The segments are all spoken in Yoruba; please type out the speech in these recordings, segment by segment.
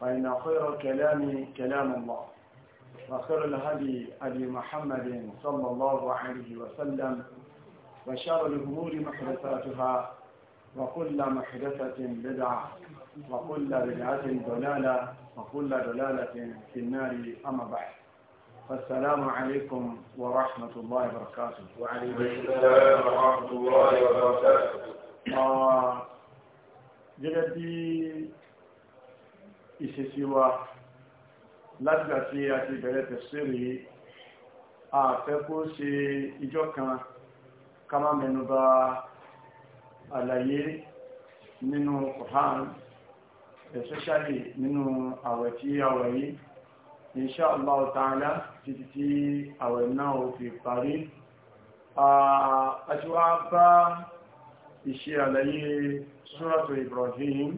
فإن خير الكلام كلام الله وخير الهدي أبي محمد صلى الله عليه وسلم وشر الأمور محدثاتها وكل محدثة بدعة وكل بدعة ضلالة وكل ضلالة في النار أما بعد السلام عليكم ورحمة الله وبركاته وعليكم السلام ورحمة الله وبركاته gẹ́gẹ́ آه، جلدي ìṣesí wa látìgbà tí a ti bẹ̀rẹ̀ tẹ̀sírì àfẹ́kó ṣe ìjọ kan ká má mẹ́nubà àlàyé nínú Qur'an especially nínú àwẹ̀ tí a wà yìí insha Allah ta'ala títí tí àwẹ̀ náà ò fi parí àti wá bá àlàyé Suratu Ibrahim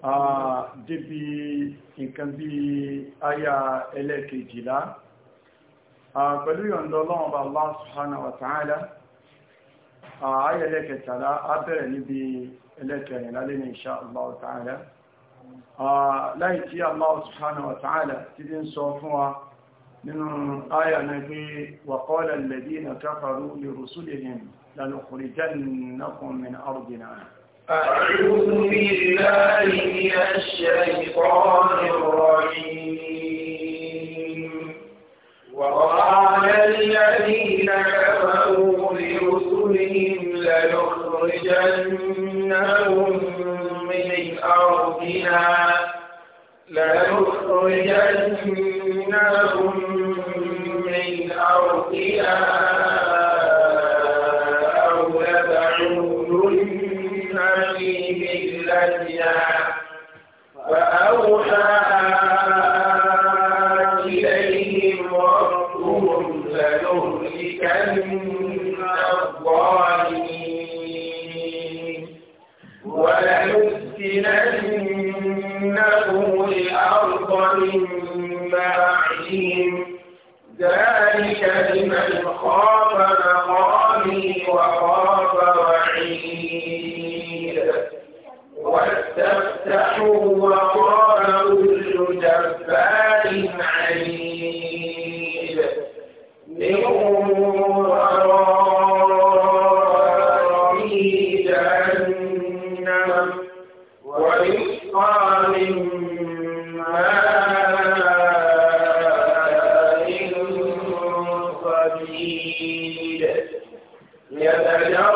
débi nǹkan bí ayá ẹlẹ́kejìlá pẹ̀lú yọ̀ndọ́ ọlọ́run bá Allah subhanahu wa ta'ala ayá ẹlẹ́kẹtàlá á bẹ̀rẹ̀ níbi ẹlẹ́kẹrìnlá lẹ́nu insha Allah ta'ala láì tí Allah subhanahu wa ta'ala ti dín sọ fún wa nínú أعوذ بالله من الشيطان الرجيم وقال الذين كفروا لرسلهم لنخرجنهم من أرضنا لنخرجنهم من أرضنا Deus,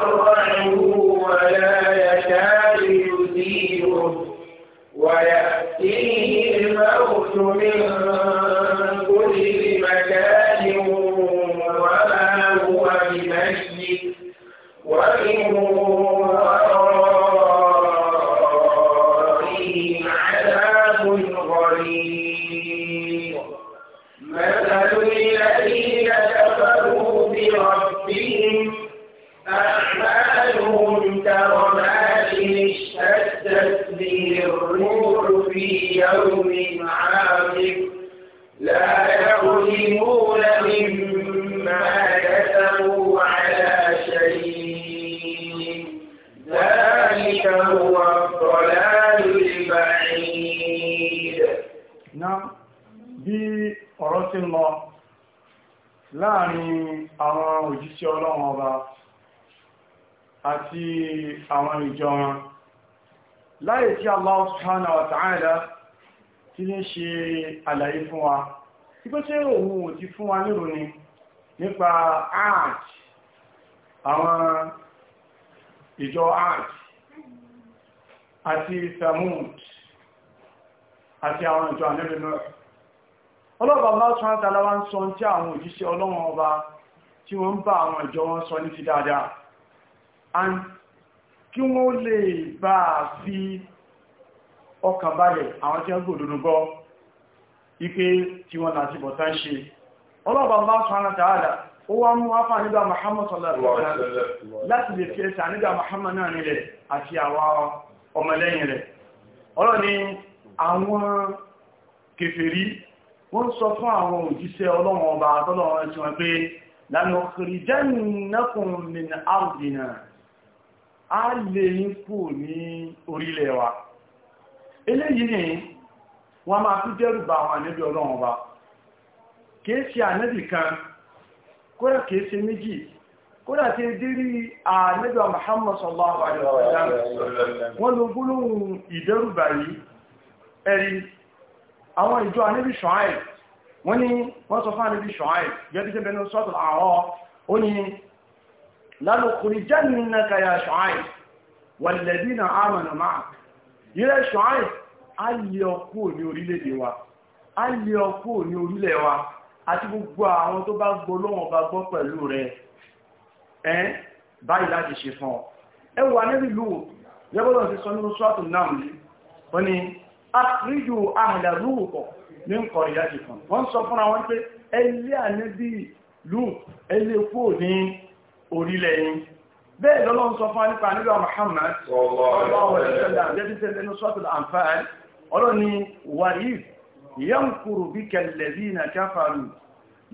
يتضرعه ولا يكاد يزيله ويأتيه من subhanahu wa ta'ala tí ní ṣe àlàyé fún wa tí òun ò ti fún wa nírò ni nípa art àwọn ìjọ art àti samud àti àwọn ìjọ anẹ́bìnrin ọlọ́pàá bá tún àtàlá wá ń sọ tí àwọn òjíṣẹ́ ọlọ́wọ́n ọba tí wọ́n ń bá àwọn ìjọ wọn sọ ní ti dáadáa kí wọ́n lè bá fi ọkàn balẹ̀ àwọn tí wọ́n gbòdòdó gbọ́ ipé tí wọ́n láti bọ̀tá ṣe ọlọ́ọ̀bá bá sọ́nà tààdà ó wá mú wáfà nígbà Muhammad láti Muhammad náà nílẹ̀ àti àwọn ọmọlẹ́yìn rẹ̀ ọlọ́ ni àwọn kèfèrí wọ́n sọ fún àwọn òjíṣẹ́ ọlọ́wọ̀n ọba tọ́lọ́wọ́n ti wọn pé lánà kìrìjẹ́nìnàkùn min ardina a lè yín kú ní orílẹ̀ wa eléyìí ni wọ́n máa fi dẹ́rù bá àwọn ànẹ́bí ọlọ́run wa kìí ṣe ànẹ́bì kan kódà kìí ṣe méjì kódà tí dírí ànẹ́bì Muhammad sallallahu alaihi wa sallam wọ́n ló gbólóhùn ìdẹ́rùbà yìí ẹ̀rí àwọn ìjọ ànẹ́bì Ṣuaib wọ́n ní wọ́n sọ fún ànẹ́bì Ṣuaib gẹ́bí tẹ́ bẹnu sọ́tọ̀ àwọn ó ní lálùkùnrin jẹ́ nínú kaya Ṣuaib wal ladina amanu ma'ak ìrẹ́ ṣọ́áì a lè ọkú ní orílẹ̀-èdè wa a lè ọkú ní orílẹ̀ wa àti gbogbo àwọn tó bá gbọ́ lọ́wọ́n bá gbọ́ pẹ̀lú rẹ̀ ẹ́ báyìí láti ṣe fún ọ ẹ wà níbi lù yẹ́bọ́dọ̀ ti sọ nínú sọ́ọ̀tù náà ní wọ́n ni a rí ju àmàlà lúwùkọ̀ ní ń kọ̀rì yájì kan wọ́n sọ fún àwọn pé ẹlẹ́ àníbí lù ẹlẹ́ kú ní orílẹ̀ yìí bẹ́ẹ̀ lọ́lọ́run sọ fún wa nípa nílò Muhammad ọlọ́ni wàríf yankuru bí kẹlẹ̀bí na káfàrù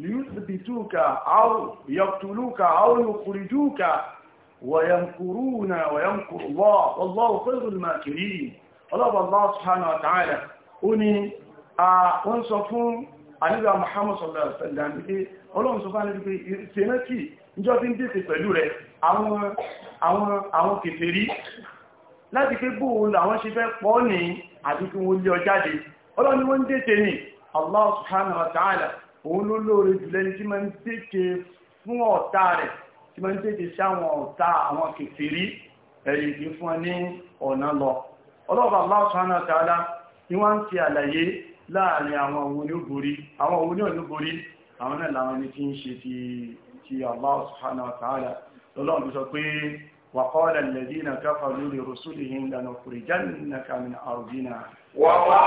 liyusbituka aw yaqtuluka aw yukhrijuka ويمكرون ويمكر الله والله خير الماكرين الله سبحانه وتعالى ó ní ah, àníbà Muhammad sọ̀rọ̀ ṣẹ̀dá ní pé ọlọ́run sọ fún àníbà pé sẹ́nẹ́tì níjọ́ tí ń dèsè pẹ̀lú rẹ̀ àwọn kèfèrí láti pé bóòlù àwọn ṣe fẹ́ pọ́ ní àti kí wọ́n lé ọ jáde ọlọ́run ni wọ́n ń dèsè ní Allah subhanahu wa ta'ala òun ló lóore jùlẹ́ni tí máa ń dèsè fún ọ̀tá rẹ̀ tí ti àlàyé láàrin àwọn òun ní borí àwọn òun ní òní borí àwọn náà làwọn ẹni tí ń ṣe ti ti Allah subhanahu wa ta'ala lọ́lọ́run tó sọ pé وقال الذين كفروا لرسلهم لنخرجنك من أرضنا من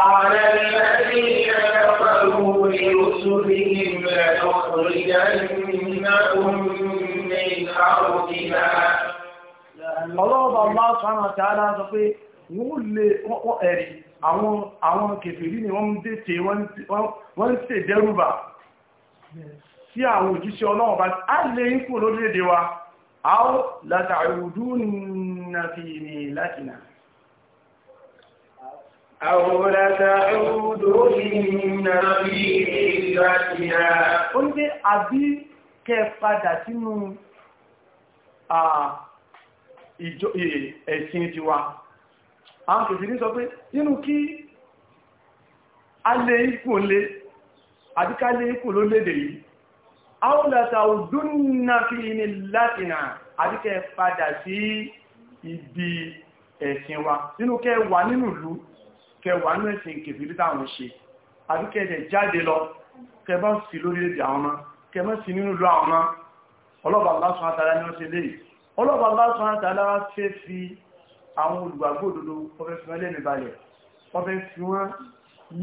أرضنا الله سبحانه وتعالى sọ pé wọ́n lè ẹ̀rí àwọn àwọn kèfèrí ni wọ́n ń dètè wọ́n ń tè dẹ́rùbà sí àwọn òjíṣẹ́ ọlọ́wọ̀n bá a lè ń kò lórílẹ̀-èdè wa a ó látàrúdú nàfi ní látinà ó ń dé àbí kẹ padà sínú ẹ̀sìn àwọn kèfèrí sọ pé nínú kí a lè ikú lé àdíká lè ikú ló lédè yìí àwọn lẹ́ta òdúnnà fi ní látinà àdíkẹ́ padà sí ibi ẹ̀sìn wa nínú kẹ wà nínú ìlú kẹ wà nínú ẹ̀sìn kèfèrí táwọn ṣe àdíkẹ́ ẹ̀dẹ̀ jáde lọ kẹ bá sí lórílẹ̀-èdè àwọn àwọn olùgbàgbọ́ òdodo wọ́n fẹ́ fi wọ́n lẹ́nu balẹ̀ wọ́n fẹ́ fi wọ́n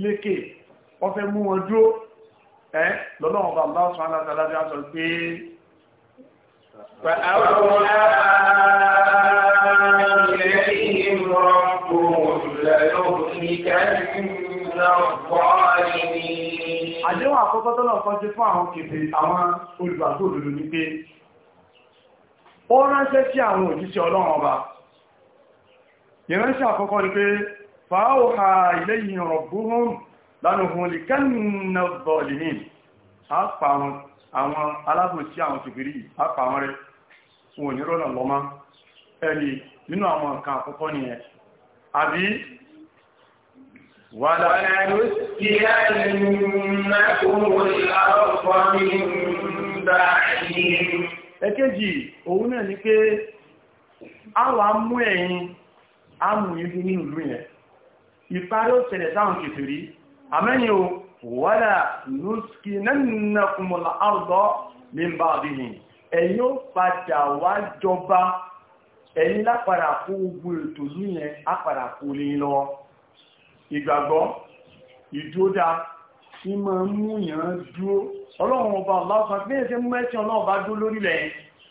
lékè wọ́n fẹ́ mú wọn dúró ẹ́ lọ́nà ọba ọba ọ̀sán alátàlá bí a sọ pé Àdéhùn àkọ́kọ́ tọ́lọ̀ kan ti fún àwọn kèfè àwọn olùgbàgbọ́ òdodo ní pé ó ránṣẹ́ sí àwọn òjíṣẹ́ Ọlọ́run ọba ìránṣẹ́ àkọ́kọ́ ni pé fàáhà ilé ìrìnrọ̀ búhùn lánàhùn lè kẹ́nà bọ̀lìmín àpà àwọn alábòsí àpà àwọn rẹ̀ wọn ní rọ́nà lọ́má ẹni nínú àwọn nǹkan àkọ́kọ́ ni ẹ àbí wà láàrín ẹkẹ́jì òun náà ni pé a mú ẹ̀yìn ámù yìí fi nínú ìlú yẹn ìparí ó ṣẹlẹ̀ sáwọn kèfèrí àmẹ́yìn o wọ́lá lóṣkì nẹ́nà kùmọ̀lá àrùdọ́ ní bá àbíyìn ẹ̀yin ó padà wá jọba ẹ̀yin lápàdà kó ogun ètò ìlú yẹn ápàdà kó lọ ìgbàgbọ́ ìdúódá tí máa ń múyàn dúró ọlọ́run ọba ọlọ́pàá bí ẹ̀ṣẹ́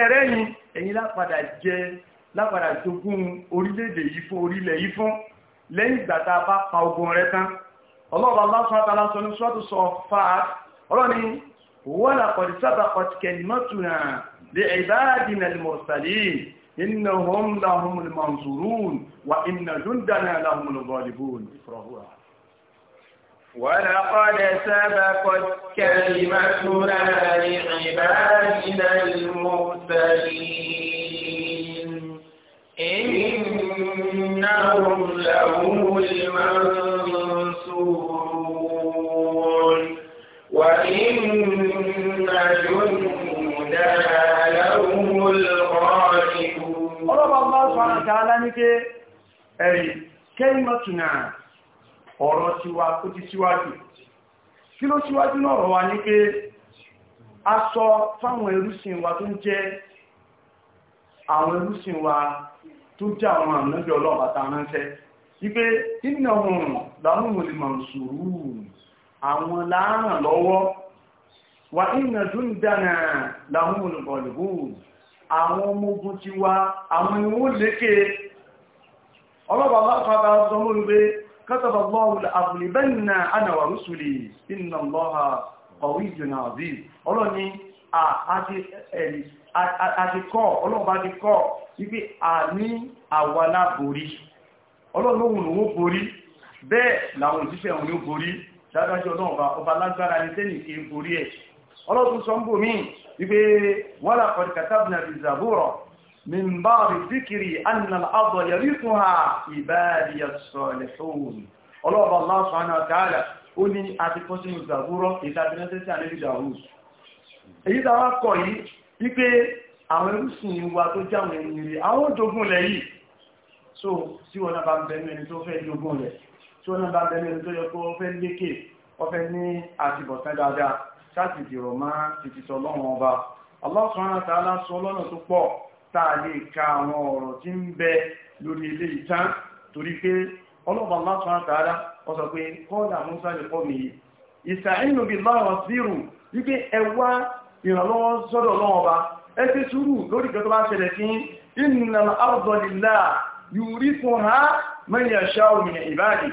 ẹ̀rẹ́ yìí ẹ̀yin lápadà jẹ lápadà jogún orílẹ̀-èdè yìí fún orílẹ̀ yìí fún lẹ́yìn ìgbà tá a bá pa ogun rẹ tán ọlọ́ọ̀bá lásán àtàlá sọ ní sọ́tù sọ fàá ọlọ́ni wọ́n àkọ̀dì sábà kọ̀tìkẹ̀lì ولقد سبقت كلمتنا لعبادنا المرسلين إنهم لهم المنصورون وإن جندنا لهم الغالبون. الله سبحانه وتعالى أي كلمتنا ọ̀rọ̀ tiwa tó ti síwájú kí ló síwájú náà rọ̀ wá ní pé a sọ fáwọn ẹrúsìn wa tó ń jẹ́ àwọn ẹrúsìn wa tó jẹ́ àwọn àmìlẹ́bẹ̀ ọlọ́pàá ránṣẹ́ wípé nínú ọmọ lámùmùlìmọ̀ sùúrù ọmọ كتب الله لأغلبن أنا ورسلي إن الله قوي عزيز ọlọ́run ni àdìkọ́ ọlọ́run bá dìkọ́ wípé a ní àwàlá borí ọlọ́run lóhun lòó borí bẹ́ẹ̀ làwọn òjíṣẹ́ òun ló borí dájájọ́ ọlọ́run ọba lágbára ní tẹ́nì kí n من باب ذكر أن الأرض يرثها عبادي الصالحون الله الله سبحانه وتعالى ó ní àtikọ́sí ìgbàgbúrọ́ ìtàbínáṣẹ́ sí àlẹ́lú ìdàwòs èyí tàwà kọ̀ yìí wípé àwọn ẹrùsìn wa tó jáwọn ènìyàn rí àwọn òjògùn lẹ̀ yìí so sí wọn náà bá ń bẹ̀rẹ̀ ẹni tó fẹ́ jogún lẹ̀ tí wọn náà bá ń bẹ̀rẹ̀ ẹni tó yẹ kó fẹ́ lékè ọfẹ́ ní àtibọ̀tán dáadáa sáàtì dìrọ̀ má ti ti sọ lọ́wọ́n Allah subhanahu wa ta'ala sọ lọ́nà tó pọ̀ táà lè ka àwọn ọ̀rọ̀ tí ń bẹ lórí ilé ìtàn torí pé ọlọ́ba lásán àtàrà ó sọ pé kọ́ọ̀dà musa lè kọ́ mi yìí ìsàínú bí láwọn sírù wípé ẹwà ìrànlọ́wọ́ sọ́dọ̀ lọ́wọ́ba ẹ ti sùúrù lórí ìgbẹ́ tó bá ṣẹlẹ̀ sí innal arda lillah yurithuha man yasha'u min ibadi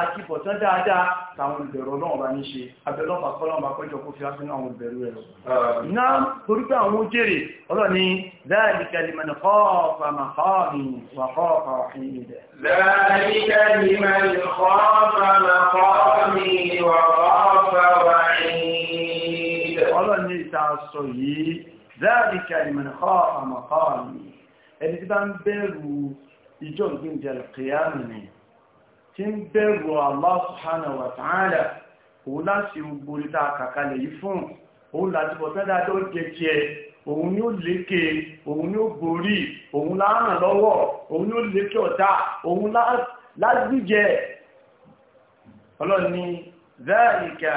àti bọ̀tán dáadáa tàwọn olùbẹ̀rù ọlọ́run bá ní ṣe abẹ́lọ́pàá kọ́lọ́run bá kọjọ kó fi ápínú àwọn olùbẹ̀rù ẹ̀rọ náà torúkọ àwọn ojèrè ọlọ́ni ذلك لمن خاف مقامي وخاف وحيدا ذلك لمن خاف مقامي وخاف وحيدا ọlọ́ni ìtàṣọ yìí ذلك لمن خاف مقامي ẹni tí bá ń bẹ̀rù ìjọ ìgbìyànjẹ́ tí ń bẹ̀rù Allah subhanahu wa ta'ala òun láti gbórí tá a kàkalẹ̀ yìí fún òun láti bọ̀ tẹ́lá tó jẹjẹ òun ni ó lékè òun ni ó borí òun láàrán lọ́wọ́ òun ni ó lékè ọ̀tá òun lágbíjẹ ọlọ́ni zẹ́ẹ̀ríkà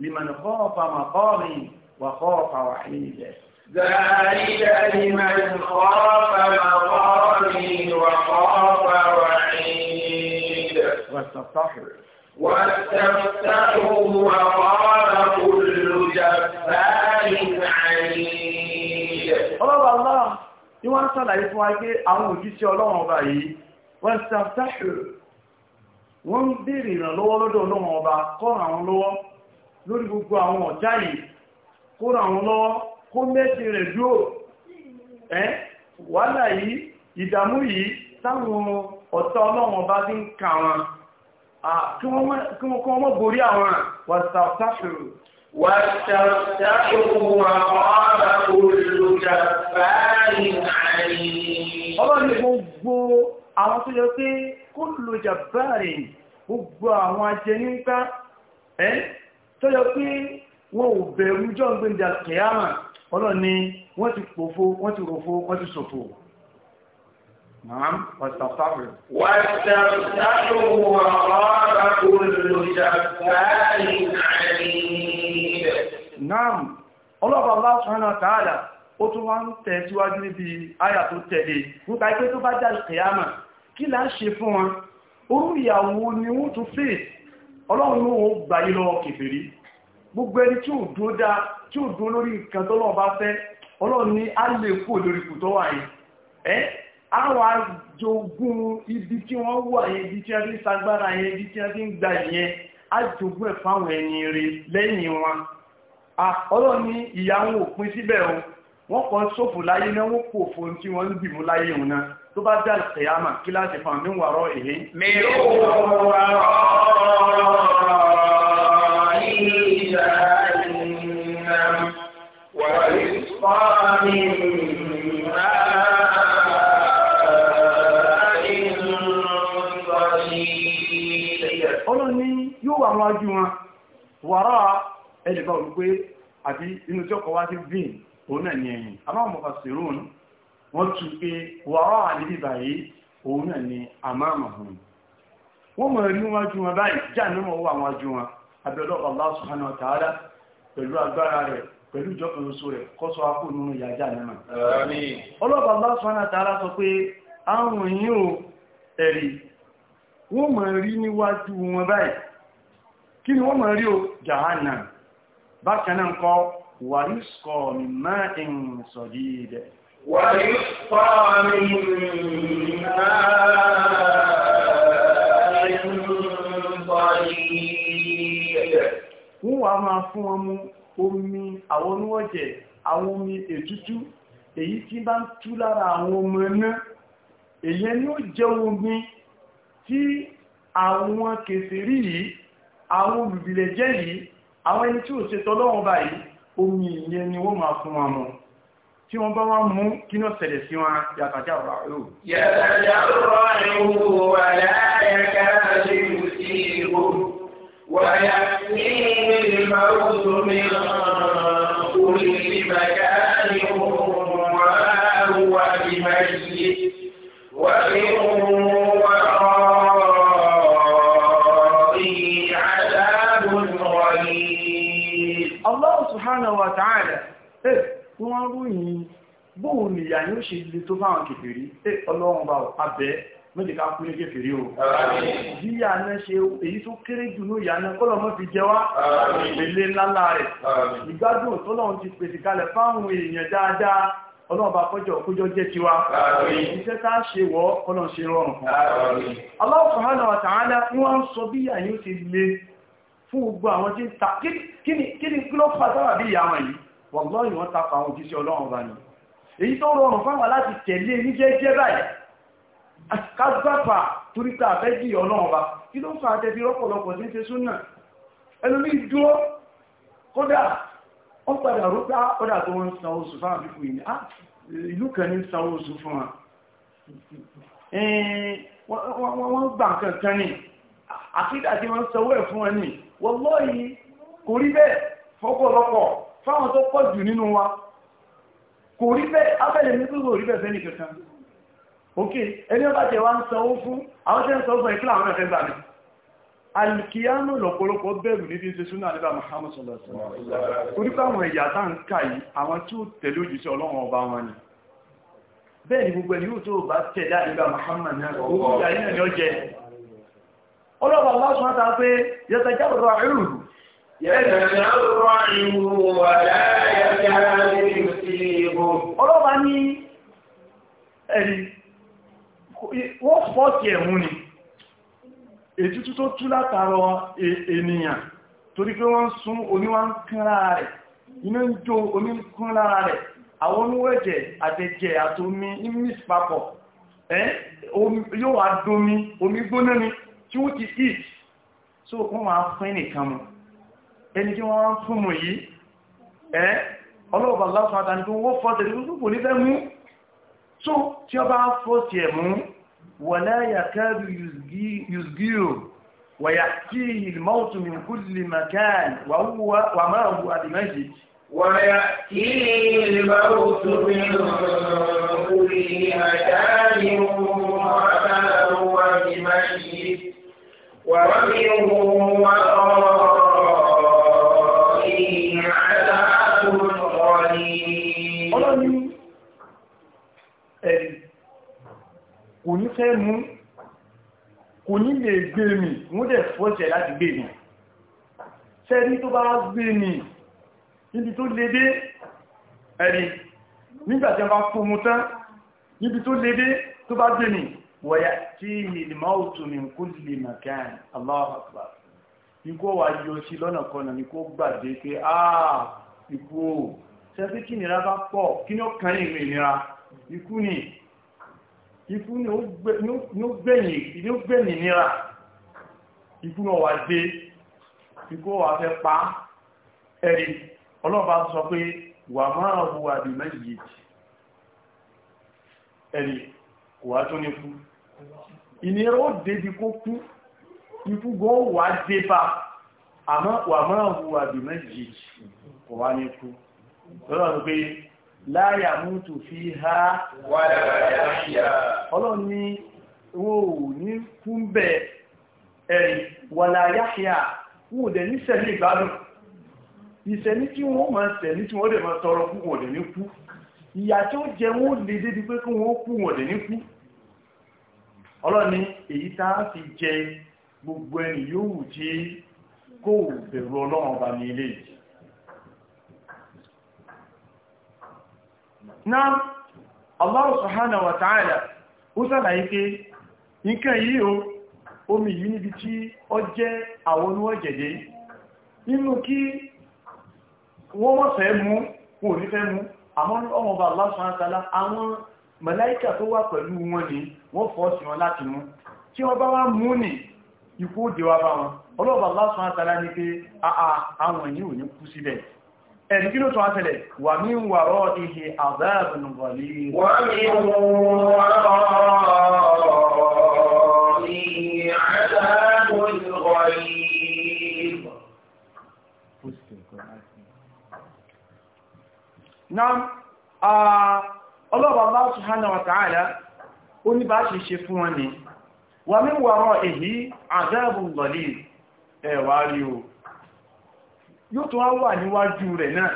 liman ذلك لمن خاف مقامي وخاف وعيد واستفتحوا واستفتحوا وقال كل جبار عنيد الله aláà ni wọ́n sàlàyé fún wa pé àwọn òjíṣẹ́ ọlọ́run ọba yìí wọ́n sàfẹ́ṣù wọ́n ń bèèrè ìrànlọ́wọ́ lọ́dọ̀ ọlọ́run ọba kọ́rọ̀ àwọn lọ́wọ́ lórí gbogbo àwọn ọ̀já yìí kọ́rọ̀ àwọn lọ́wọ́ kó mẹ́sì rẹ̀ dúró ẹ́ wàhálà yìí ìdààmú yìí táwọn ọ̀tá ọlọ́run ọba ti ń kà wọn kí wọ́n mọ́ borí àwọn wàtàkùrù wàtàkùrù àwọn olùjàfà ìrìn ọlọ́ni gbogbo àwọn tó yẹ pé kó lòjàfà rìn gbogbo àwọn ajẹníńká ẹ́ tó yẹ pé wọ́n ò bẹ̀rù jọ́ gbẹ̀ndà kìyàmà ọlọ́ni wọ́n ti pòfo wọ́n ti rọ̀fo wọ́n ti ṣòfò نعم واستغفر واستغفره وغاب كل جبار نعم ọlọ́pàá Allah subhanahu wa ta'ala ó tún wá ń tẹ̀ síwájú níbi àyà tó tẹ̀lé nípa ipé tó bá jà ìkìyàmà kí là ń ṣe fún wọn orú ìyàwó ni wọ́n tún fèé ọlọ́run ló wọ́n gbáyé lọ́wọ́ kèfèrí gbogbo ẹni tí ò dúó dá tí ò dúó lórí nǹkan fẹ́ ọlọ́run ni a lè kú lórí kù yìí àwọn àjogún ibi tí wọ́n wà yẹn ibi tí wọ́n fi ń sagbára yẹn ibi tí wọ́n fi ń gbà yẹn àjogún ẹ̀ fáwọn ẹni rẹ̀ lẹ́yìn wọn ọlọ́run ní ìyá wọn ò pín síbẹ̀ o wọ́n kàn ṣòfò láyé náà wọ́n kò fò tí wọ́n ń bì mú láyé òun náà tó bá dá ìsẹ̀yàmà kí láti fà mí wàrọ̀ èyí. mi ò wà ìjà ìnà wà ìsọ́ni. níwájú wọn wàrà ẹlẹ́bà olùgbé àti inú tí ọkọ̀ wá sí vin òun náà ní ẹ̀yìn àbáwọn sírún wọ́n tún pé wàrà àdídì báyìí òun náà ní àmàmàhùn wọ́n mọ̀ wájú wọn báyìí já ní mọ̀ wà wájú wọn wọ́n mọ̀ rí níwájú wọn báyìí kí ni wọ́n mọ̀ rí o jahanna bákan náà kọ́ wà ní sọ mi máa ń sọ dídẹ̀ wà ní sọ mi máa ń sọ dídẹ̀ wọ́n wà máa fún wọn mú omi àwọn oníwọ̀jẹ̀ àwọn omi ètútú èyí tí bá ń tú lára àwọn ọmọ náà èyí ni ó jẹ́ omi tí àwọn kèfèrí yìí àwọn olùbìlẹ̀ jẹ́ yìí àwọn ẹni tí ò ṣe tọ́lọ́wọ́n báyìí omi ìyẹn ni wọ́n máa fún wọn mọ́ tí wọ́n bá wá mú kí náà ṣẹlẹ̀ sí wọn yàtàjá ọ̀rọ̀ àrò. yàtàjá ọ̀rọ̀ subhanahu wa ta'ala ẹ̀ tí wọ́n ròyìn bóòrùn ìyà yóò ṣe lè tó fáwọn kèfèrí ẹ̀ ọlọ́run bá abẹ́ mẹ́jẹ̀ká kú ní kèfèrí o bí ìyà náà ṣe èyí tó kéré jù ní ìyà náà kọ́lọ̀ mọ́ fi jẹ wá ìpele ńláńlá rẹ̀ ìgbádùn tọ́lọ́run ti pèsè kalẹ̀ fáwọn èèyàn dáadáa ọlọ́ọ̀bá kọjọ kójọ jẹ́ ti wá iṣẹ́ tá ṣe wọ́ ọlọ́ọ̀ ṣe rọrùn fún Allah subhanahu wa ta'ala wọ́n sọ bí àyíkò ti le fún gbogbo àwọn tí ń ta kí ni kí ló fà sábà bí ìyá wọn yìí wọ́n lọ́yìn wọ́n tapọ̀ àwọn òjíṣẹ́ ọlọ́run bá ní èyí tó rọrùn fáwọn láti tẹ̀lé ní jẹ́jẹ́ báyìí kágbàpà toríta àfẹ́jì ọlọ́run bá kí ló fà àtẹ́bí rọ́pọ̀lọpọ̀ tí ń ṣe súnà ẹlòmí dúró kódà ó padà rúgbà ah, kódà tó ń san oṣù fáwọn àbíkú yìí ah, ìlú kan ní san oṣù fún wa wọ́n gbà kankan ní àkídà tí wọ́n sanwó ẹ̀ fún ẹ nìyí wọ́lọ́yìí kò rí bẹ́ẹ̀ fọ́pọ̀lọpọ̀ fáwọn tó pọ̀ jù nínú wa kò rí bẹ́ẹ̀ abẹ́lẹ̀ ní tó rí bẹ́ẹ̀ fẹ́ni kankan òkè ẹni ọba jẹ wa ń sanwó fún àwọn tẹ́ ń sọ fún ìkílà àwọn ẹ̀fẹ́ gbà mí alìkìyánù lọ̀pọ̀lọpọ̀ bẹ̀rù níbi ṣe súnà nígbà Muhammad sọ̀lọ̀sọ̀ orípa àwọn ẹ̀yà tá ń kà yìí àwọn tí ó tẹ̀lé òjìṣẹ́ ọlọ́run ọba wọn ni bẹ́ẹ̀ ni gbogbo ẹni yóò tó bá tẹ̀lé àdígbà Muhammad náà ọlọ́pàá bá sọ ta pé yẹta jáde rọ ìlú. ọlọ́pàá ní ẹ̀rí wọ́n fọ́ọ̀tì ẹ̀mú ni ètútù tó tú látàrọ ènìyàn torí pé wọ́n sún oníwá ń kínra rẹ̀ iná ń jó oníkúnra rẹ̀ àwọn oníwẹ̀jẹ̀ àtẹ̀jẹ̀ àtomi ní mísì papọ̀ yóò wá domi omi gbóná ni tí wọ́n ti eat so wọ́n wá fún ẹnìkan mu ẹni tí wọ́n fún mu yìí ẹ́ ọlọ́ọ̀bà lásán àtàní wọ́n fọ́ tẹ̀lé ní fẹ́ so tí ọba fọ́ ti mú wala yakadu yuzgiru wa ya'tihi al-mawtu min kulli makan wa ma huwa bi-mayyit ويأتيه ومنهم ورائهم عذاب غليظ kò ní fẹ́ mú kò ní lè gbé mi wọ́n dẹ̀ fọ́jẹ̀ láti gbé mi ṣẹ́rí tó bá gbé mi níbi tó lè dé ẹ̀rí nígbàtí wọ́n bá fún mú tán níbi tó lè dé tó bá gbé mi wayatihi al-mawtu min kulli makan Allahu akbar ikú wà yọ sí lọ́nà kọ́nà ní kó gbàdé pé àà ah, ikú o ṣẹ́fí kí nira bá pọ̀ kí ní ó kàn ní ìrìn ìnira ikú ni ikú ni ó gbẹ̀yìn ìnira ikú náà wà dé ikú wà fẹ́ pa ẹ̀rí ọlọ́ba sọ pé wà máa wù àbí méjì ẹ̀rí kò wá tó ní fún ìnira ó débi kó kú ikú gan ó wà débà àmọ́ wà máa hùwà bí méjì kò wá ní kú lọ́wọ́ pé láyà mútu fi há ọlọ́run ní wọ́n ò ní kú ń bẹ̀ ẹ̀rì wàlá yáhíà wọ́n ò dẹ̀ ní sẹ́lẹ̀ ìgbádùn ìsẹ̀ní tí wọ́n máa sẹ̀ní tí wọ́n dẹ̀ máa tọrọ kú wọ́n dẹ̀ ní kú ìyà tí ó jẹ wọ́n lè débi pé kí wọ́n kú wọ́n dẹ̀ ní kú ọlọ́ni èyí tá a fi jẹ gbogbo ẹni yóò jí kó bẹ̀rù ọlọ́run ọba ní ilé yìí náà Allah subhanahu wa ta'ala ó sàlàyé pé nǹkan o omi yìí níbi tí ọ jẹ́ àwọn oníwọ̀jẹ̀dẹ̀ nínú kí wọ́n fẹ́ mú màláíkà tó wà pẹ̀lú wọn ni wọ́n fọ́ọ̀sì wọn láti mú tí wọ́n bá wá mú ní ikú ó dẹwà bá wọn ọlọ́ọ̀bà Allah subhanahu wa ta'ala ní pé àwọn èyí ò ní kú sílẹ̀ ẹ̀rí kí ló tún á tẹ̀lẹ̀ wà ní wàrọ̀ ihe azabun ghalid uh, ọlọ́ọ̀bà Allah subhanahu wa ta'ala ó ní bá ṣe ṣe fún wọn ni wà mí wọ̀rọ̀ èyí àdáàbùn lọ́lì ẹ̀wà rí o yóò tó wà níwájú rẹ̀ náà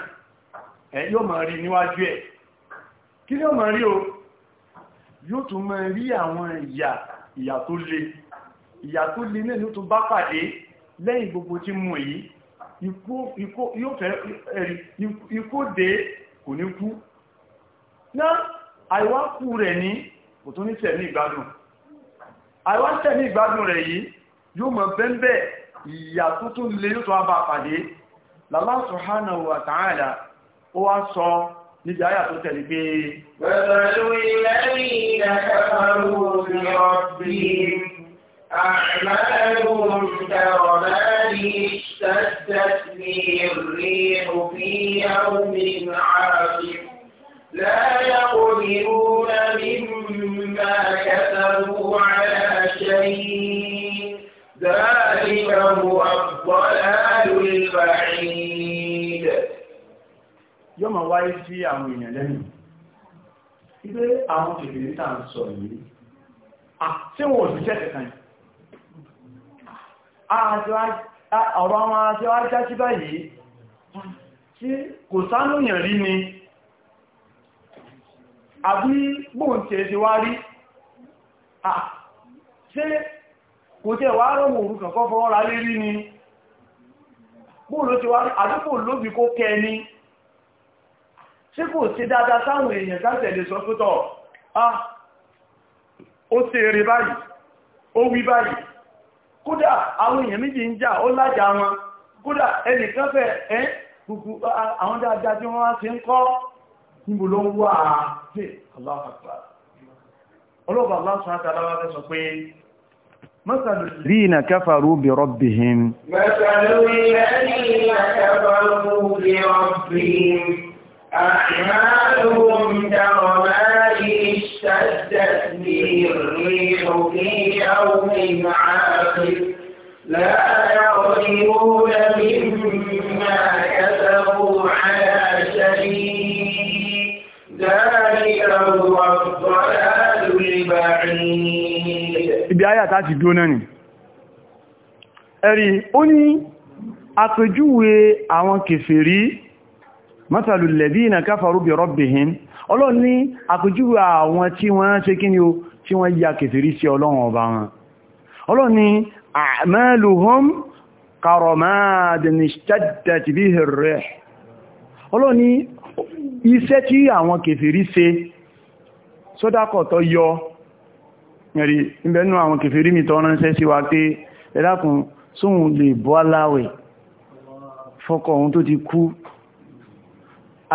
ẹ̀ yóò máa rí níwájú ẹ̀ kí ni ó máa rí o yóò tún máa rí àwọn ìyà tó le ìyà tó le náà ló tún bá pàdé lẹ́yìn gbogbo tí mú yìí ikú dé kò ní kú ná àìwá kú rẹ̀ ní kò tún ní tẹ̀mí ìgbádùn àìwá tẹ̀mí ìgbádùn rẹ̀ yìí yóò mọ̀ bẹ́ẹ̀ ìyà tó tún lè yóò tó bá pàdé Allah subhanahu wa ta'ala ó wá sọ níbi àyà tó tẹ̀lé pé أعمالهم اشتدت به الريح في يوم عاصف لا يقدرون مما كسبوا على ذلك هو الضلال البعيد yóò máa wáyé sí àwọn èèyàn lẹ́nu ibé àwọn kèfèrè tà ń sọ yìí àti wọn òṣìṣẹ́ kẹkàn ọ̀rọ̀ àwọn àti ọjọ́ sí báyìí tí kò sánú yàn rí ni àbí bóòǹtẹ̀ ṣe wá rí ṣe kò tẹ́ wá rọ̀wọ̀ orúkàn kọ́ fọwọ́ ra lé rí ni bóòlò ti wá rí àdúgbò lóbi kó kẹ ni ṣe kò ṣe dáadáa sáwọn èèyàn sáṣẹ̀lẹ̀ sọ pé tọ́ ah ó ṣe eré báyìí ó wí báyìí kódà àwọn èèyàn méjì ń jà ó lájà wọn kódà ẹnìkan fẹ́ ẹ́ gbogbo àwọn dáadáa tí wọ́n wá ń kọ́ níbo ló ń wà á ṣe aláàbà ọlọ́ọ̀bà aláṣọ àtàlára sọ pé الذين كفروا بربهم مثل الذين كفروا بربهم أعمالهم كرمال اشتدت به الريح في يوم عاقب لا يغنون مما كسبوا Ibi ayà tàti dúró náà ni. Ẹ̀rí, ó ní àpèjúwe àwọn kèfèrí, mọ́sàlù lẹ̀bí ìnà káfàrú bí rọ́bìhìn, ọlọ́run ní àpèjúwe àwọn tí wọ́n ṣe kí ni o tí wọ́n ya kèfèrí sí ọlọ́run ọba wọn iṣẹ́ tí àwọn kèfèrí ṣe sódákọ̀ tó yọ ẹ̀rí ìbẹ̀nú àwọn kèfèrí mi tó ránṣẹ́ sí wa pé ẹ̀dàkùn sóhun lè bọ́ aláwẹ̀ fọ́kọ̀ ohun tó ti kú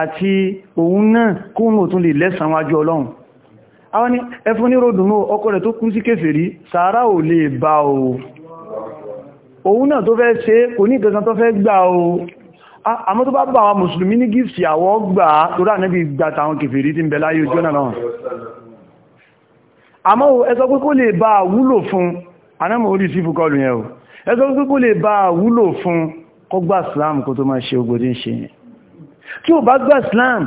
àti òun náà kóhun òtún lè lẹ́sàn wájú ọlọ́run àwọn ni ẹfún ní ròdùnú àmọ́ tó bá bá àwọn mùsùlùmí ní gífì àwọ́ gbà lórá níbi gbàtà àwọn kèfèrí tí ń bẹ láyé ojú ọ̀nà náà àmọ́ ẹsọ pé kó lè bá wúlò fún anámọ̀ orí sí fúkọlù yẹn o ẹsọ pé kó lè bá wúlò fún kó gbà Islam kó tó máa ṣe ogodin ṣe yẹn tí ò bá gbà Islam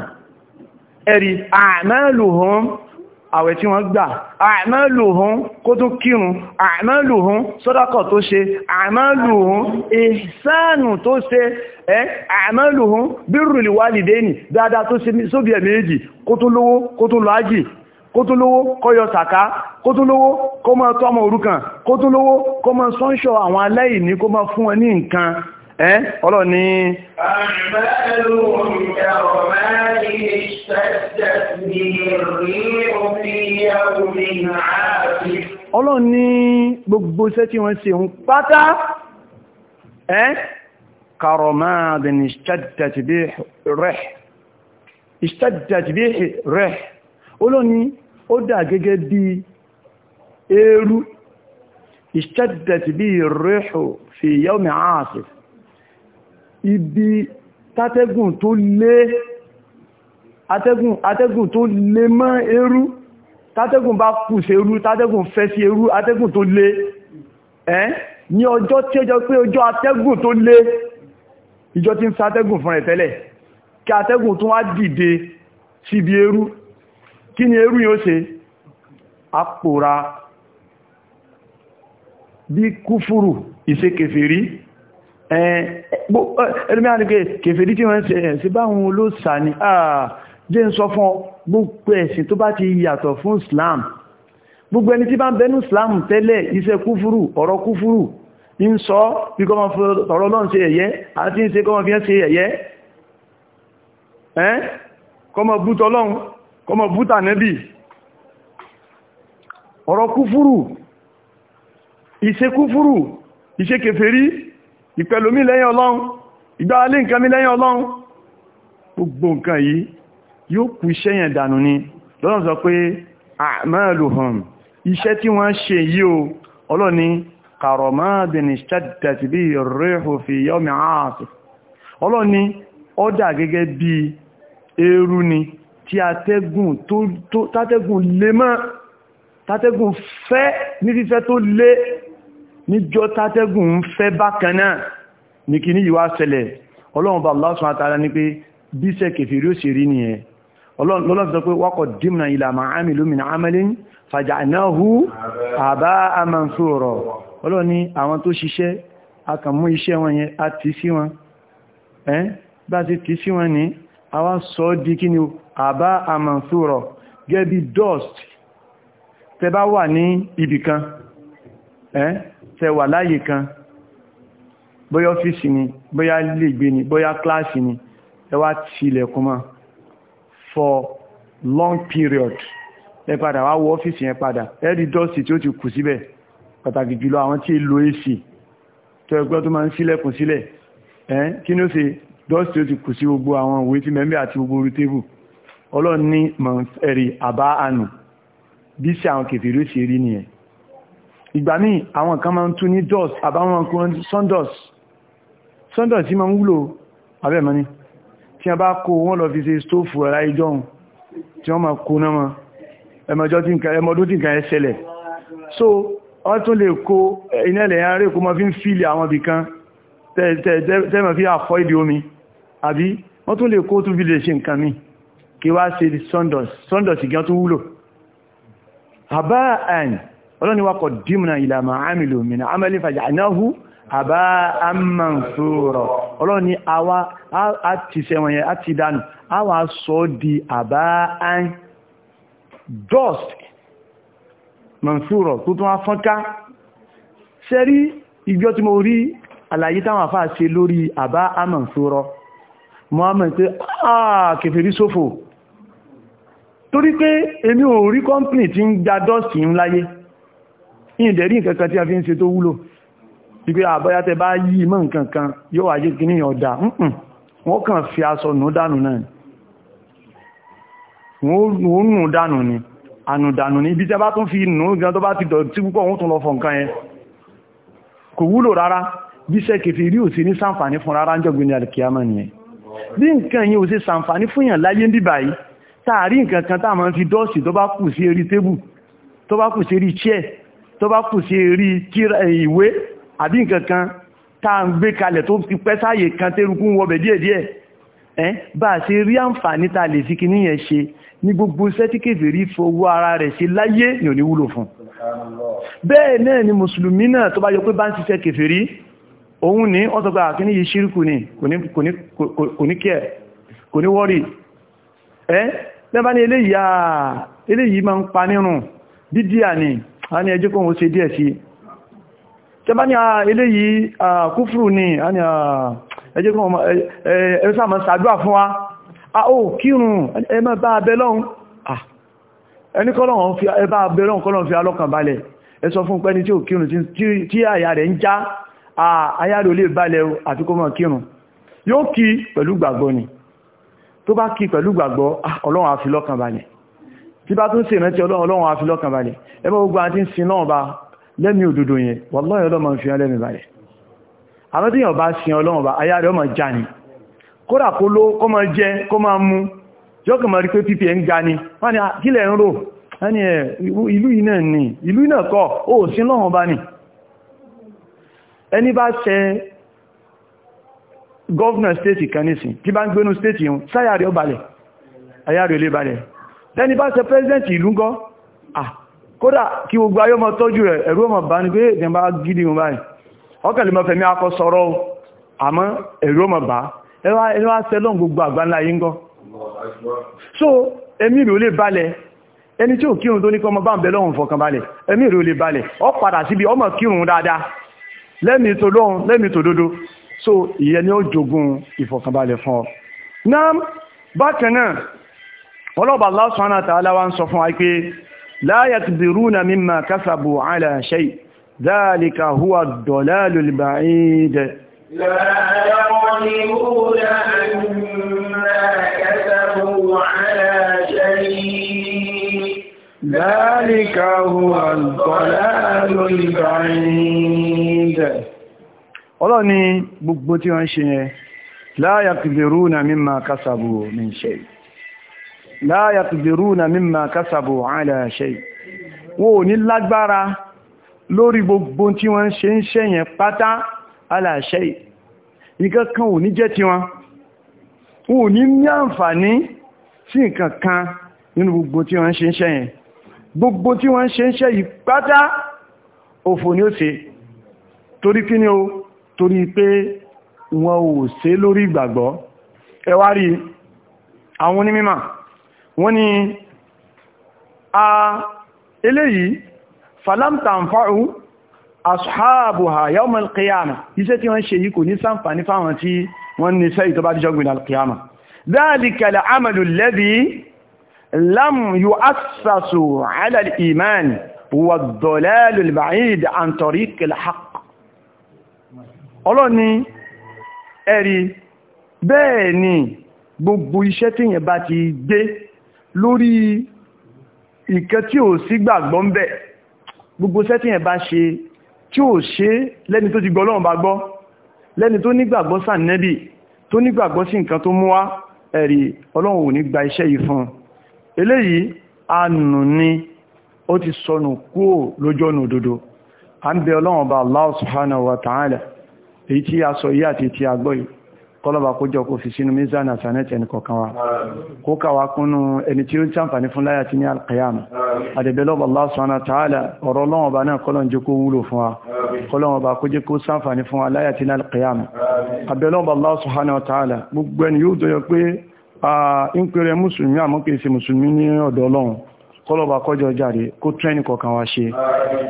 ẹ̀rí àmẹ́lùhùn àwẹ̀ tí wọ́n gbà àmàlùhún kó tún kírun àmàlùhún sọ́dákọ̀ tó ṣe àmàlùhún ìsánù tó ṣe ẹ́ àmàlùhún bírùlì wálìdéni dáadáa tó ṣe sóbi ẹ̀mí èjì kó tún lówó kó tún lọ́ájì kó tún lówó kó yọ sàká kó tún lówó ẹ́ ọlọ́ ní ọlọ́ ní gbogbo iṣẹ́ tí wọ́n ṣe ń pátá ẹ́ kàrọ̀máàdìn ìṣẹ́dẹ̀tìbí rẹ̀ ọlọ́ ní ó dà gẹ́gẹ́ bí eérú ìṣẹ́dẹ̀tìbí rẹ̀ fi yawmi aasif ibi tátẹ́gùn tó lé atẹ́gùn atẹ́gùn tó lé mọ́ ẹrú tátẹ́gùn bá kù sí ẹrú tátẹ́gùn fẹ́ sí ẹrú atẹ́gùn tó lé ẹ́ ní ọjọ́ tí ó jọ pé ọjọ́ atẹ́gùn tó lé ìjọ tí ń sa atẹ́gùn fún rẹ̀ tẹ́lẹ̀ kí atẹ́gùn tó wá dìde síbi ẹrú kí ni ẹrú yóò ṣe apòra bí kúfúrù ìṣekèfèrí Eh, eh, ẹ̀rẹ́mí àríkẹ́ kèfèrí tí wọ́n ń sí eh, báwọn olóòsà ni ah, jẹ́ ń sọ fún gbogbo ẹ̀sìn tó bá ti yàtọ̀ fún Islam gbogbo ẹni tí bá ń bẹnu Islam tẹ́lẹ̀ iṣẹ́ kúfúrú ọ̀rọ̀ kúfúrú ń sọ bí kọ́mọ ọ̀rọ̀ lọ́n ṣe ẹ̀yẹ́ àti ṣe kọ́mọ fi ń ṣe ẹ̀yẹ́ ẹ́ kọ́mọ bútọ́ lọ́hun kọ́mọ bútà nẹ́bì ọ̀rọ̀ kúfúrú iṣẹ́ kúfúrú iṣẹ́ kèfèrí ìpẹ̀lómí lẹ́yìn ọlọ́run ìgbàlé nǹkan mi lẹ́yìn ọlọ́run gbogbo nǹkan yìí yóò kú iṣẹ́ yẹn dànù ni lọ́nà sọ pé àmàlùhàn iṣẹ́ tí wọ́n ṣe yìí o ọlọ́ni kàrọ̀mọ́dìní ṣẹ́dẹ̀tì bí rẹ̀hù fi yọ́mì ààsì ọlọ́ni ọ́dà gẹ́gẹ́ bí eérú ni tí atẹ́gùn tó tátẹ́gùn lè mọ́ tátẹ́gùn fẹ́ ní fífẹ́ tó lé níjọ́ tátẹ́gùn ń fẹ́ bákan náà ní kí ní ìwá ṣẹlẹ̀ ọlọ́run bá Allah subhanahu wa ta'ala ní pé bí iṣẹ́ kèfèrí ó ṣe rí nìyẹn ọlọ́run sọ pé wa qaddimna ila ma amilu min amalin faja'nahu haba'an mansura ọlọ́run ní àwọn tó ṣiṣẹ́ a kàn mú iṣẹ́ wọn yẹn gẹ́bí dust tẹ wà ní ibìkan ẹ́n tẹ wà láyé kan bóyá ọ́fíìsì ni bóyá ilégbé ni bóyá kíláàsì ni ẹ wá ti for long period ẹ padà wá wọ ọ́fíìsì yẹn padà ẹ rí dọ́ọ̀sì tí ó ti kù síbẹ̀ pàtàkì jùlọ àwọn tí lo èsì tó ẹgbẹ́ tó máa ń sílẹ̀kùn sílẹ̀ ẹ́ kí ní ó ṣe dọ́ọ̀sì tí ó ti kù sí gbogbo àwọn òwe tí mẹ́mẹ́ àti gbogbo orí tébù ọlọ́run mọ̀ ẹ̀rí àbá ànù bí sí àwọn kèfèrè ó ṣe rí nìyẹn ìgbà míì àwọn kan máa ń tún ní dust àbáwọn kan sundust sundust tí ma ń wúlò abẹ́ mọ́ ní tí a bá kó wọ́n lọ fi ṣe stóòfù ẹ̀rá ìjọun tí wọ́n ma kó náà ẹmọdún tí nǹkan ẹsẹlẹ̀ so wọ́n tún lè kó iná ilẹ̀ yán rẹ̀ kó ma fi ń fílì àwọn ibì kan mi kí wá ṣe sundust sundust ìgbà ọlọ́ni wakọ̀ dímùnà ìlàmà àmìlò mìnà àmìlì fàjà náhú àbá àmàǹsọ́rọ̀ ọlọ́ni àwa a ti sẹ́wọ̀n yẹn a ti dánù àwa sọ di àbá àn dust mọ̀sọ́rọ̀ tó tún afọ́nká sẹ́rí ìjọ tí mo rí àlàyé táwọn àfáà ṣe lórí àbá àmàǹsọ́rọ̀ mohamed pé ah, torí pé èmi ò rí kọ́mpìnì tí ń gba dust ń láyé ìdẹ̀rí nǹkan kan tí a fi ń ṣe tó wúlò wípé àbáyá tẹ bá yí mọ́ nǹkan kan yóò wáyé kí ní ọ̀dá wọ́n kàn fi aṣọ nù dànù náà wọ́n nù dànù ni ànùdànù ni ibi tẹ bá tún fi nù gan tó bá ti dọ̀tí púpọ̀ wọ́n tún lọ fọ nǹkan yẹn kò wúlò rárá bíṣẹ́ kèfè rí òsì ní sàǹfàní fún rárá ń jọ̀gbìn alìkìyàmọ̀ nìyẹn bí nǹkan yìí ò sí sàǹfàní fún yàn láyé ń bíbà yìí táàrí nǹkan kan táà máa ń fi dọ́ọ̀sì tó bá kù sí eré tébù tó bá kù sí eré chair tó bá kù sí rí eh, ìwé àbí nǹkan kan tá à ń gbé kalẹ̀ tó ti pẹ́ sáàyè kan tẹ́rùkú ń wọbẹ̀ díẹ̀díẹ̀ ẹ́n eh, bá a ṣe rí àǹfààní tá lè fi kíní yẹn ṣe ní gbogbo iṣẹ́ tí fowó ara rẹ̀ ṣe láyé ní òní fún bẹ́ẹ̀ ni mùsùlùmí náà tó bá yọ pé bá ń ṣiṣẹ́ kèfèrí òun ní wọ́n sọ pé àkíní yìí ṣírìkù ni kò ní kẹ́ kò ní wọ́rì eh, ẹ́ eléyìí máa ń pa nírùn bídíà ni a ní ẹjú kóhun ṣe díẹ̀ sí tẹ bá ní eléyìí kúfùrù ní ẹjú kóhun ẹ̀ẹ́sàmọ́ sàdúà fún wa a ó kírun ẹmọ́ bá abẹ́ lọ́hun ẹni kọ́lọ̀wọ́n fi ẹbá abẹ́ lọ́hun kọ́lọ̀ fi alọ́kàn balẹ̀ ẹ sọ fún pẹ́ni tí ò kírun tí àyà rẹ̀ ń já àyà rẹ̀ olè balẹ̀ àfikọ́mọ̀ kírun yóò kí pẹ̀lú gbàgbọ́ tí bá tún ṣèrántí ọlọ́run ọlọ́run àfi lọ́kàn balẹ̀ ẹgbẹ́ gbogbo àti ń sin náà bá lẹ́mí òdodo yẹn wọ́lọ́yìn ọlọ́run fi hàn lẹ́mí balẹ̀ àwọn tíyàn bá sin ọlọ́run bá ayá rẹ̀ ọmọ já ni kódà kó ló kó máa jẹ kó máa mú jọ́kàn máa rí pé pípẹ́ ń ga ni wọ́n ni ah, kílẹ̀ ń rò eh, ẹni ẹ̀ ìlú kan nísìn tí bá ń gbénú stéètì yìí sáyà rẹ̀ balẹ̀ ayá rẹ̀ ó balẹ̀ tẹni bá ṣe president ìlú gan ah, kódà kí gbogbo ayé ọmọ tọ́jú rẹ̀ ẹ̀rú ọmọ bá ní pé ìjẹmbá gidi wọn báyìí ọkànlẹ̀mọ́ fẹ̀mí akọ sọ̀rọ̀ àmọ́ ẹ̀rú ọmọ bá ẹwà sẹ́lọ́n gbogbo àgbánlá yí ń gọ́ so ẹ̀mí rẹ̀ ó lè balẹ̀ ẹni tí ò kírun tó ní kọmọ bá ń bẹ lọ́hùn fọkàn balẹ̀ ẹ̀mí rẹ̀ ó lè balẹ̀ so ìyẹn ni ó jogun ìfọkànbalẹ̀ fún ọ náà ọlọ́bà Allah subhanahu wa ta'ala wá ń sọ fún wa pé la yaqdiruna mimma kasabu ala shay dhalika huwa ad-dalalul ba'id ذلك هو الضلال البعيد ọlọ́ ni gbogbo tí wọ́n ṣe yẹn la yaqdiruna mimma kasabu la yaqdiruna mimma kasabu ala shay wọn ò ní lágbára lórí gbogbo tí wọ́n ṣe ń ṣe yẹn pátá ala shay nǹkan kan ò ní jẹ́ ti wọn wọn ò ní ní àǹfààní sí nǹkan kan nínú gbogbo tí wọ́n ṣe ń ṣe yẹn gbogbo tí wọ́n ṣe ń ṣe yìí pátá òfò ni ó ṣe torí kí ni ó torí pé wọn ò ṣe lórí ìgbàgbọ́ ẹwà àwọn onímímọ̀ wọ́n ni a eléyìí falamtanfa'u ashabuha yawm al-qiyamah iṣẹ́ tí wọ́n ṣe yìí kò ní ṣàǹfààní fáwọn tí wọ́n ní sẹ́yìn tó bá díjọ́ gbìn al-qiyamah dhalika al-amalu alladhi lam yu'assasu 'ala al-iman huwa ad-dalal al-ba'id lórí ìkẹ́ tí ò sí gbàgbọ́ ń bẹ̀ gbogbo sẹ́tì yẹn bá ṣe tí ò ṣe lẹ́ni tó ti gbọ́ lọ́wọ́ bá gbọ́ lẹ́ni tó nígbàgbọ́ sànẹ́bì tó nígbàgbọ́ sí nǹkan tó mú wá ẹ̀rí ọlọ́run ò ní gba iṣẹ́ yìí fún eléyìí àánú ni ó ti sọnù kúò lójú ọ̀nà òdodo à ń bẹ ọlọ́run ọba Allah subhanahu wa ta'ala èyí tí a sọ yìí àti tí a gbọ́ yìí kọlọ́bà kó jọ kó fi sínú mizan asanẹ́tì ẹni kọ̀kan wa kó kàwà kúnnú ẹni tí ó ń sàǹfàní fún láyà tí ní alkayama àdẹ̀bẹ̀lọ́bà Allah subhanahu wa ta'ala ọ̀rọ̀ lọ́wọ́ba náà kọlọ̀ jẹ́ kó wúlò fún wa kọlọ́wọ́ba kó jẹ́ kó sàǹfàní fún wa láyà ní alkayama Allah subhanahu wa ta'ala gbogbo ẹni yóò dọ́yọ pé ń pèrè kọlọ̀bà kọjọ jáde kó trẹ́nì kọ̀kan wá ṣe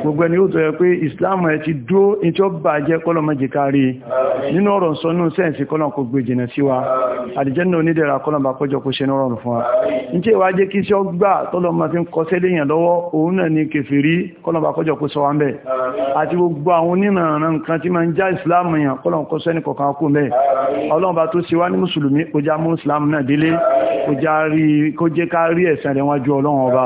gbogbo ẹni ó tọ́ yẹ pé ìsìláàmù ẹ ti dúró in tí ó bà jẹ́ kọlọ̀mọ́jì kárí nínú ọ̀rọ̀ sọ́nù sẹ́ǹsì kọlọ̀n kò gbé jìnà sí wa àdìjẹ́nà onídẹ̀ra kọlọ̀bà kọjọ kó ṣe nírọ̀rùn fún wa ní tí ìwà jẹ́ kí sí ọgbà tọ́lọ́mọ ni kẹfìrí kọlọ̀bà kọjọ kó sọ wa ń bẹ̀ àti gbogbo kó jẹ́ ká rí ẹ̀sẹ̀ rẹ̀ wájú ọlọ́run ọba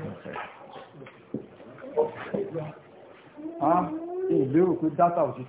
ah, èrò pé dátà ò